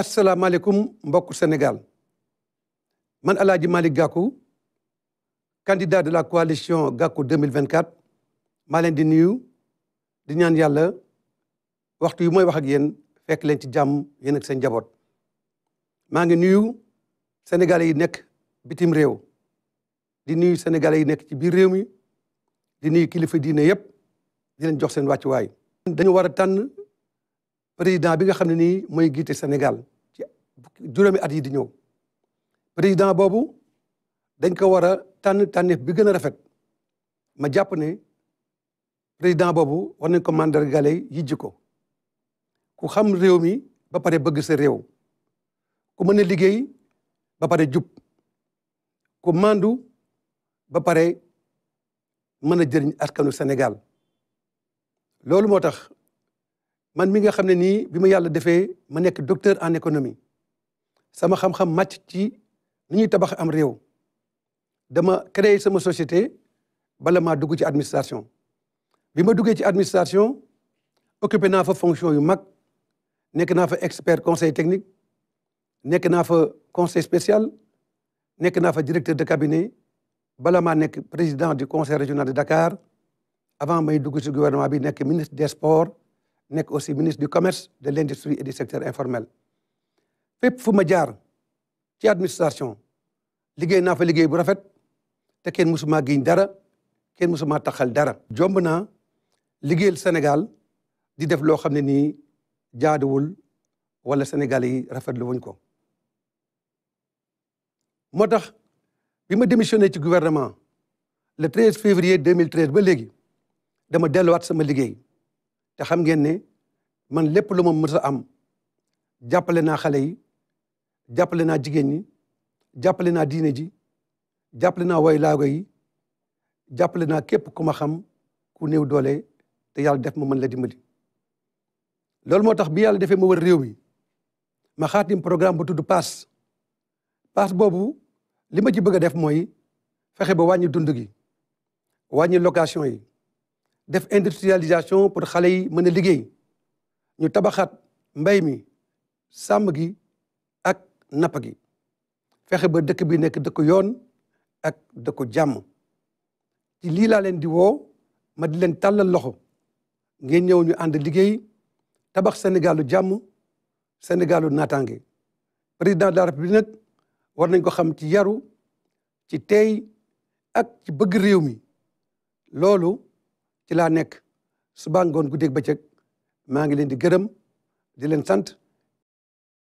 asalaamaaleykum mbokk Sénégal man El Hadj Malick Gakou candidat de la coalition Gakou 2024 maa leen di nuyu di ñaan yàlla waxtu yu mooy wax ak yéen fekk leen ci jàmm yéen ak seen njaboot maa ngi nuyu sénégalais yi nekk bitim réew di nuyu sénégalais yi nekk ci biir réew mi di nuyu kilifa diine yépp di leen jox seen wàccuwaay. dañu war président bi nga xam ne nii mooy giite Sénégal ci juróomi at yi di ñëw président boobu dañ ko war a tànn tànneef bi gën a rafet ma jàpp ne président boobu war nañ ko mandargale yijji ko ku xam réew mi ba pare bëgg sa réew ku mën a liggéey ba pare jub ku mandu ba pare mën a jëriñ askanu Sénégal loolu moo tax man mi nga xam ne nii bi ma yàlla defee ma nekk docteur en économie sama xam-xam màcc ci ni ñuy tabax am réew dama créer sama société bala maa dugg ci administration bi ma duggee ci administration occupé naa fa fonction yu mag nekk naa fa expert conseil technique nekk naa fa conseil spécial nekk naa fa directeur de cabinet bala maa nekk président du conseil régional de Dakar avant may dugg si gouvernement bi nekk ministre des sports nekk aussi ministre du commerce de l' industrie et du secteur informel fépp fu ma jaar ci administration liggéey naa fa liggéey bu rafet te kenn mësumaa giñ dara kenn mësumaa taxal dara jomb naa liggéey Sénégal di def loo xam ne nii jaaduwul wala Sénégal yi rafetlu wuñ ko moo tax bi ma démissionné ci gouvernement le 13 février 2013 ba léegi dama delluwaat sama liggéey te xam ngeen ne man lépp lu ma mës a am jàppale naa xale yi jàppale naa jigéen ñi jàppale naa diine ji jàppale naa way laago yi jàppale naa képp ku ma xam ku néew doole te yàlla def ma mën la dimbali. loolu moo tax bi yàlla defee ma wër réew mi ma xaatim programme bu tudd paas paas boobu li ma ci bëgg a def mooy fexe ba wàññi dund gi wàññi location yi. def industrialisation pour xale yi mën a liggéey ñu tabaxaat mbay mi sàmm gi ak napp gi fexe ba dëkk bi nekk dëkk yoon ak dëkk jàmm ci lii laa leen di woo ma di leen tàllal loxo ngeen ñëw ñu ànd liggéey tabax Sénégalu jàmm Sénégalu naataange président dara la république nag war nañ ko xam ci yaru ci teey ak ci bëgg réew mi loolu ci laa nekk suba ngoon guddeeg bëccëg maa ngi leen di gërëm di leen sant